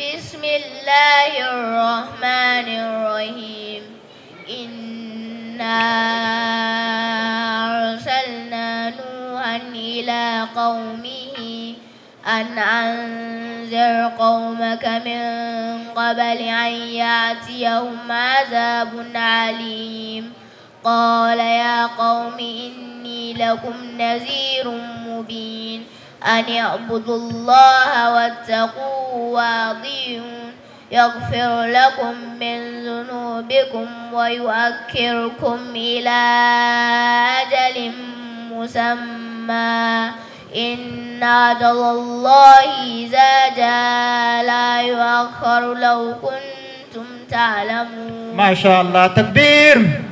بسم الله الرحمن الرحيم إنا أرسلنا نوحا إلى قومه أن أنذر قومك من قبل أن يأتيهم عذاب عليم قال يا قوم إني لكم نذير مبين أن اعبدوا الله واتقوه واضيهم يغفر لكم من ذنوبكم ويؤكركم إلى أجل مسمى إن أجل الله إذا جاء لا يؤخر لو كنتم تعلمون ما شاء الله تكبير